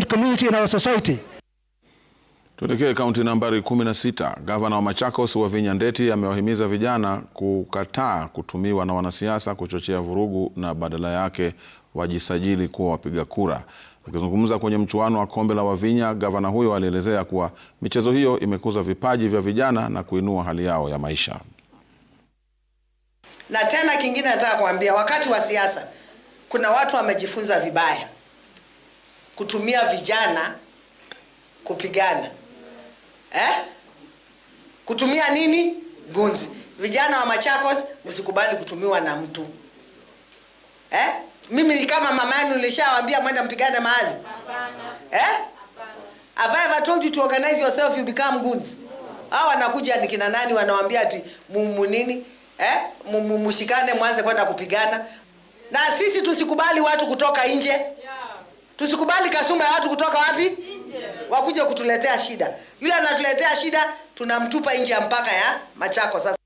community in our society. Tuelekee kaunti nambari 16. Gavana wa Machakos Wavinya Ndeti amewahimiza vijana kukataa kutumiwa na wanasiasa kuchochea vurugu na badala yake wajisajili kuwa wapiga kura. Akizungumza kwenye mchuano wa kombe la Wavinya, gavana huyo alielezea kuwa michezo hiyo imekuza vipaji vya vijana na kuinua hali yao ya maisha. Na tena kingine nataka kuambia, wakati wa siasa kuna watu wamejifunza vibaya kutumia vijana kupigana eh? kutumia nini gunzi. Vijana wa Machakos, msikubali kutumiwa na mtu eh? Mimi kama mama yenu nilishawaambia mwenda mpigane mahali eh? Have I told you to organize yourself you become goods? Hao wanakuja ni kina nani wanawaambia ati mumu nini? Eh? Mumu mshikane mwanze kwenda kupigana. Na sisi tusikubali watu kutoka nje. Tusikubali kasumba ya watu kutoka wapi? Nje. Wakuja kutuletea shida. Yule anatuletea shida tunamtupa nje ya mpaka ya Machako sasa.